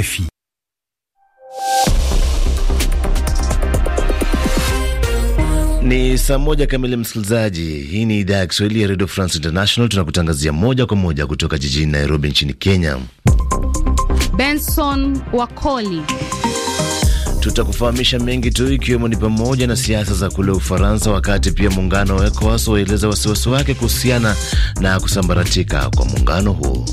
RFI. Ni saa moja kamili, msikilizaji. Hii ni idhaa ya Kiswahili ya Radio France International, tunakutangazia moja kwa moja kutoka jijini Nairobi nchini Kenya. Benson Wakoli tutakufahamisha mengi tu ikiwemo ni pamoja na siasa za kule Ufaransa, wakati pia muungano wa ECOWAS waeleza wasiwasi wake kuhusiana na kusambaratika kwa muungano huo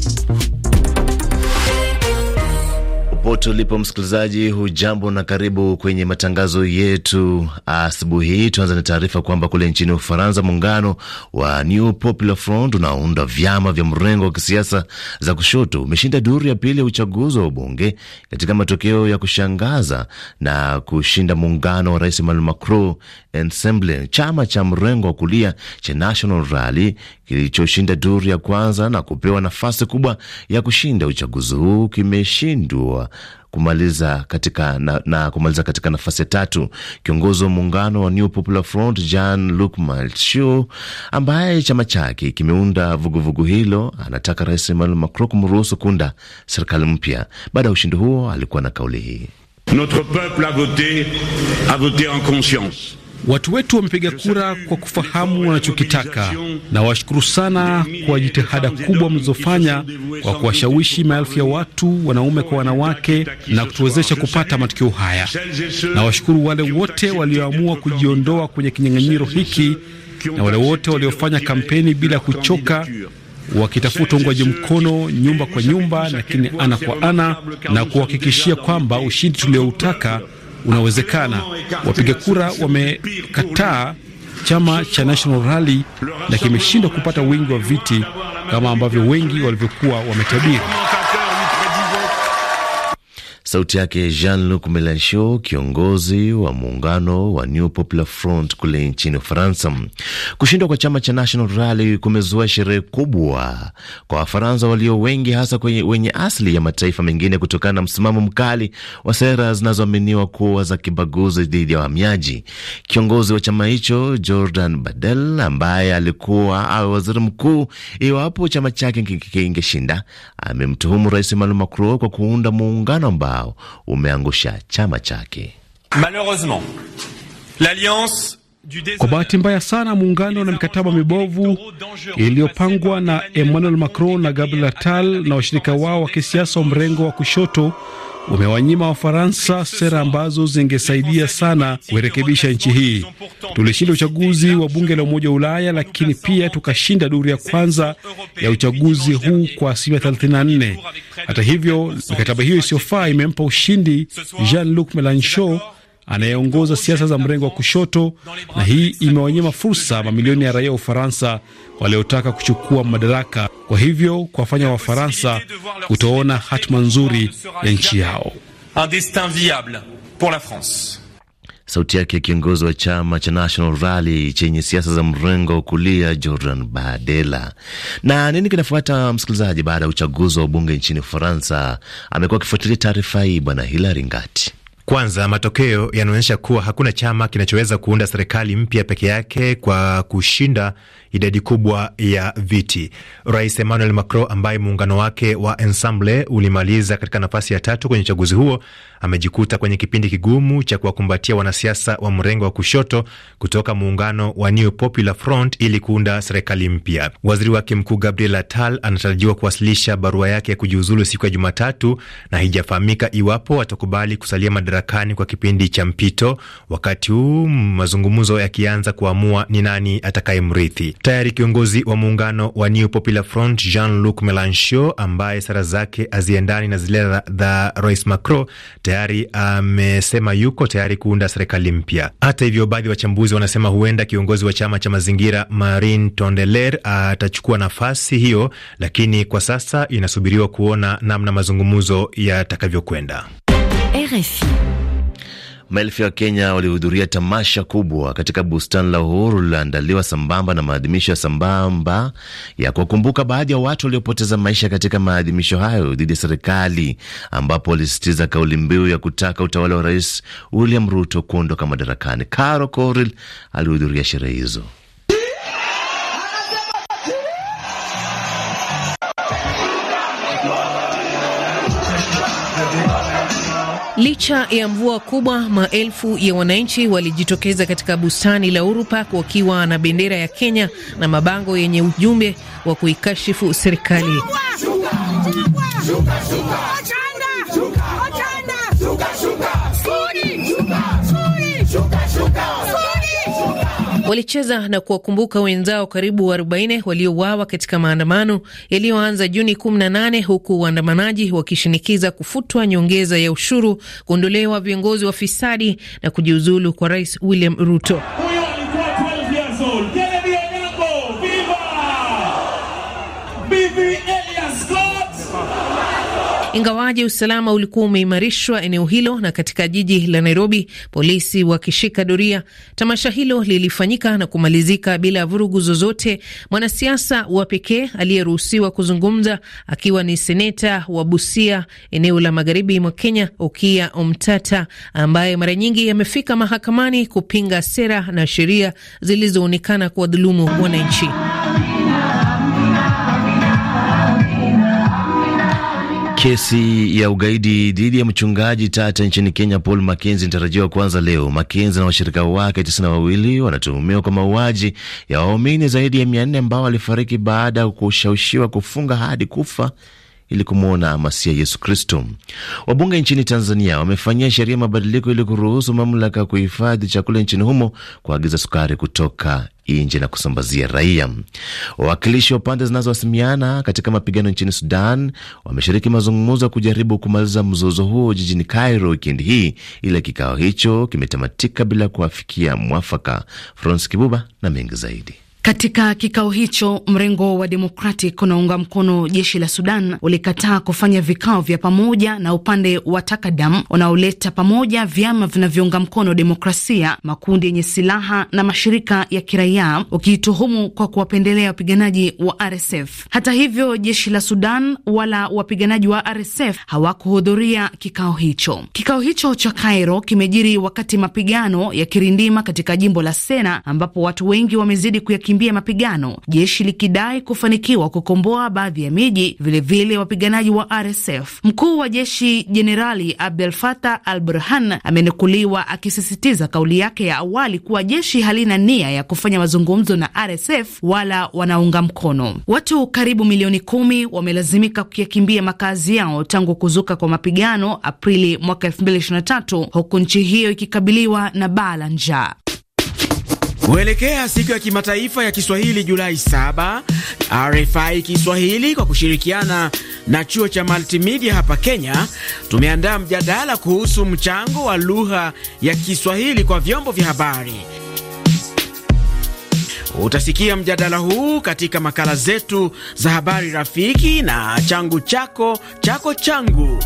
popote ulipo msikilizaji, hujambo na karibu kwenye matangazo yetu asubuhi hii. Tuanza na taarifa kwamba kule nchini Ufaransa, muungano wa New Popular Front unaounda vyama vya mrengo wa kisiasa za kushoto umeshinda duru ya pili ya uchaguzi wa ubunge katika matokeo ya kushangaza na kushinda muungano wa rais Emmanuel Macron Ensemble, chama cha mrengo wa kulia cha National Rally kilichoshinda duru ya kwanza na kupewa nafasi kubwa ya kushinda uchaguzi huu kimeshindwa kumaliza katika na, na kumaliza katika nafasi ya tatu. Kiongozi wa muungano wa New Popular Front Jean Luc Melenchon, ambaye chama chake kimeunda vuguvugu hilo, anataka Rais Emmanuel Macron kumruhusu kuunda serikali mpya. Baada ya ushindi huo, alikuwa na kauli hii: Notre peuple a voté a voté en conscience Watu wetu wamepiga kura kwa kufahamu wanachokitaka, na washukuru sana kwa jitihada kubwa mlizofanya kwa kuwashawishi maelfu ya watu, wanaume kwa wanawake, na kutuwezesha kupata matukio haya. Na washukuru wale wote walioamua kujiondoa kwenye kinyang'anyiro hiki na wale wote waliofanya kampeni bila kuchoka wakitafuta ungwaji mkono nyumba kwa nyumba, lakini ana kwa ana, na kuhakikishia kwamba ushindi tulioutaka unawezekana. Wapiga kura wamekataa chama cha National Rally na kimeshindwa kupata wingi wa viti kama ambavyo wengi walivyokuwa wametabiri. Sauti yake Jean-Luc Melenchon, kiongozi wa muungano wa New Popular Front kule nchini Ufaransa. Kushindwa kwa chama cha National Rally kumezua sherehe kubwa kwa Wafaransa walio wengi, hasa kwenye wenye asili ya mataifa mengine, kutokana na msimamo mkali wa sera zinazoaminiwa kuwa za kibaguzi dhidi ya wahamiaji. Kiongozi wa chama hicho Jordan Bardella, ambaye alikuwa awe waziri mkuu iwapo chama chake kingeshinda, amemtuhumu Rais Emmanuel Macron kwa kuunda muungano ambao ambao umeangusha chama chake. Kwa bahati mbaya sana, muungano na mikataba mibovu iliyopangwa na Emmanuel Macron na Gabriel Attal na washirika wao wa kisiasa wa mrengo wa kushoto umewanyima Wafaransa sera ambazo zingesaidia sana kuirekebisha nchi hii. Tulishinda uchaguzi wa bunge la Umoja wa Ulaya, lakini pia tukashinda duru ya kwanza ya uchaguzi huu kwa asilimia 34. Hata hivyo, mikataba hiyo isiyofaa imempa ushindi Jean-Luc Melenchon anayeongoza siasa za mrengo wa kushoto, na hii imewanyima fursa mamilioni ya raia wa Ufaransa waliotaka kuchukua madaraka, kwa hivyo kuwafanya Wafaransa kutoona hatima nzuri ya nchi yao. Sauti yake ya kiongozi wa chama cha National Rally chenye siasa za mrengo wa kulia Jordan Bardella. Na nini kinafuata, msikilizaji? Baada ya uchaguzi wa bunge nchini Ufaransa, amekuwa akifuatilia taarifa hii Bwana Hilari Ngati. Kwanza, matokeo yanaonyesha kuwa hakuna chama kinachoweza kuunda serikali mpya peke yake kwa kushinda idadi kubwa ya viti. Rais Emmanuel Macron ambaye muungano wake wa Ensemble ulimaliza katika nafasi ya tatu kwenye uchaguzi huo amejikuta kwenye kipindi kigumu cha kuwakumbatia wanasiasa wa mrengo wa kushoto kutoka muungano wa New Popular Front ili kuunda serikali mpya. Waziri wake mkuu Gabriel Attal anatarajiwa kuwasilisha barua yake ya kujiuzulu siku ya Jumatatu na haijafahamika iwapo atakubali kusalia madarakani kwa kipindi cha mpito, wakati huu mazungumzo yakianza kuamua ni nani atakayemrithi. Tayari kiongozi wa muungano wa New Popular Front Jean-Luc Melenchon, ambaye sara zake haziendani na zile za Rais Macron, tayari amesema yuko tayari kuunda serikali mpya. Hata hivyo, baadhi ya wachambuzi wanasema huenda kiongozi wa chama cha mazingira Marine Tondelier atachukua nafasi hiyo, lakini kwa sasa inasubiriwa kuona namna mazungumzo yatakavyokwenda. RFI. Maelfu ya Wakenya walihudhuria tamasha kubwa katika bustani la Uhuru lililoandaliwa sambamba na maadhimisho ya sambamba ya kuwakumbuka baadhi ya watu waliopoteza maisha katika maadhimisho hayo dhidi ya serikali, ambapo walisisitiza kauli mbiu ya kutaka utawala wa Rais William Ruto kuondoka madarakani. Caro Coril alihudhuria sherehe hizo. Licha ya mvua kubwa, maelfu ya wananchi walijitokeza katika bustani la Uhuru Park wakiwa na bendera ya Kenya na mabango yenye ujumbe wa kuikashifu serikali. Walicheza na kuwakumbuka wenzao karibu 40 waliouawa katika maandamano yaliyoanza Juni 18 huku waandamanaji wakishinikiza kufutwa nyongeza ya ushuru, kuondolewa viongozi wa fisadi na kujiuzulu kwa Rais William Ruto. Ingawaje usalama ulikuwa umeimarishwa eneo hilo na katika jiji la Nairobi, polisi wakishika doria, tamasha hilo lilifanyika na kumalizika bila vurugu zozote. Mwanasiasa wa pekee aliyeruhusiwa kuzungumza akiwa ni seneta wa Busia, eneo la magharibi mwa Kenya, okia Omtata, ambaye mara nyingi amefika mahakamani kupinga sera na sheria zilizoonekana kuwadhulumu wananchi. Kesi ya ugaidi dhidi ya mchungaji tata nchini Kenya Paul Makenzi inatarajiwa kuanza leo. Makenzi na washirika wake tisini na wawili wanatuhumiwa kwa mauaji ya waumini zaidi ya mia nne ambao walifariki baada ya kushawishiwa kufunga hadi kufa ili kumwona Masia Yesu Kristo. Wabunge nchini Tanzania wamefanyia sheria mabadiliko ili kuruhusu mamlaka ya kuhifadhi chakula nchini humo kuagiza sukari kutoka nje na kusambazia raia. Wawakilishi wa pande zinazohasimiana katika mapigano nchini Sudan wameshiriki mazungumzo ya kujaribu kumaliza mzozo huo jijini Cairo wikendi hii, ila kikao hicho kimetamatika bila kuafikia mwafaka. Frans Kibuba na mengi zaidi katika kikao hicho mrengo wa Democratic unaunga mkono jeshi la Sudan ulikataa kufanya vikao vya pamoja na upande wa Takadam unaoleta pamoja vyama vinavyounga mkono demokrasia, makundi yenye silaha na mashirika ya kiraia, ukiituhumu kwa kuwapendelea wapiganaji wa RSF. Hata hivyo, jeshi la Sudan wala wapiganaji wa RSF hawakuhudhuria kikao hicho. Kikao hicho cha Cairo kimejiri wakati mapigano yakirindima katika jimbo la Sena ambapo watu wengi wamezidi kukimbia mapigano, jeshi likidai kufanikiwa kukomboa baadhi ya miji, vilevile wapiganaji wa RSF. Mkuu wa jeshi Jenerali Abdel Fattah al Burhan amenukuliwa akisisitiza kauli yake ya awali kuwa jeshi halina nia ya kufanya mazungumzo na RSF wala wanaunga mkono. Watu karibu milioni kumi wamelazimika kuyakimbia makazi yao tangu kuzuka kwa mapigano Aprili mwaka 2023 huku nchi hiyo ikikabiliwa na baa la njaa. Kuelekea siku ya kimataifa ya Kiswahili Julai 7, RFI Kiswahili kwa kushirikiana na chuo cha Multimedia hapa Kenya tumeandaa mjadala kuhusu mchango wa lugha ya Kiswahili kwa vyombo vya habari. Utasikia mjadala huu katika makala zetu za habari rafiki na changu chako chako changu.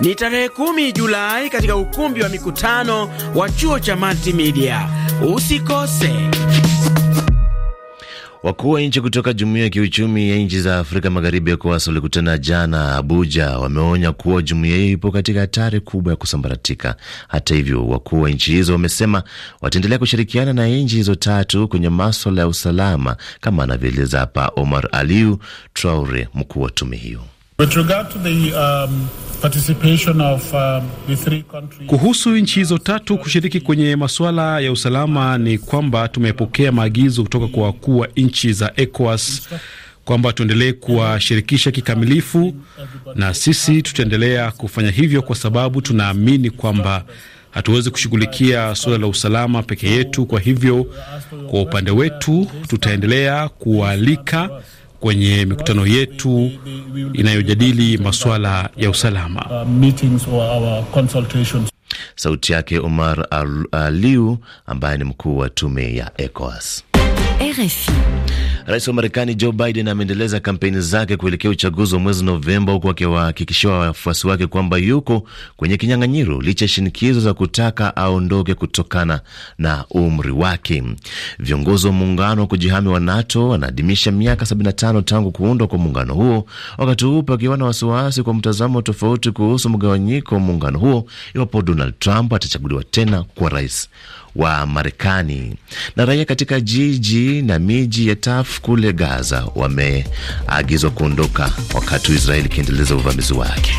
Ni tarehe kumi Julai katika ukumbi wa mikutano wa chuo cha Multimedia. Usikose. Wakuu wa nchi kutoka jumuiya ya kiuchumi ya nchi za Afrika Magharibi, ECOWAS, walikutana jana Abuja. Wameonya kuwa jumuiya hiyo ipo katika hatari kubwa ya kusambaratika. Hata hivyo, wakuu wa nchi hizo wamesema wataendelea kushirikiana na nchi hizo tatu kwenye maswala ya usalama, kama anavyoeleza hapa Omar Aliu traure mkuu wa tume hiyo. Um, um, Kuhusu nchi hizo tatu kushiriki kwenye masuala ya usalama, ni kwamba tumepokea maagizo kutoka kwa wakuu wa nchi za ECOWAS kwamba tuendelee kuwashirikisha kikamilifu, na sisi tutaendelea kufanya hivyo kwa sababu tunaamini kwamba hatuwezi kushughulikia suala la usalama peke yetu. Kwa hivyo, kwa upande wetu, tutaendelea kuwaalika kwenye mikutano yetu inayojadili masuala ya usalama. Uh, Sauti yake Omar Aliu ambaye ni mkuu wa tume ya ECOWAS. RFI. Rais wa Marekani Joe Biden ameendeleza kampeni zake kuelekea uchaguzi wa mwezi Novemba, huku akiwahakikishia wafuasi wake kwamba yuko kwenye kinyang'anyiro licha ya shinikizo za kutaka aondoke kutokana na umri wake. Viongozi wa muungano wa kujihami wa NATO wanaadhimisha miaka 75 tangu kuundwa kwa muungano huo, wakati huu pakiwa na wasiwasi kwa mtazamo tofauti kuhusu mgawanyiko wa muungano huo iwapo Donald Trump atachaguliwa tena kuwa rais wa Marekani. Na raia katika jiji na miji ya Taf kule Gaza wameagizwa kuondoka wakati Israeli ikiendeleza uvamizi wake.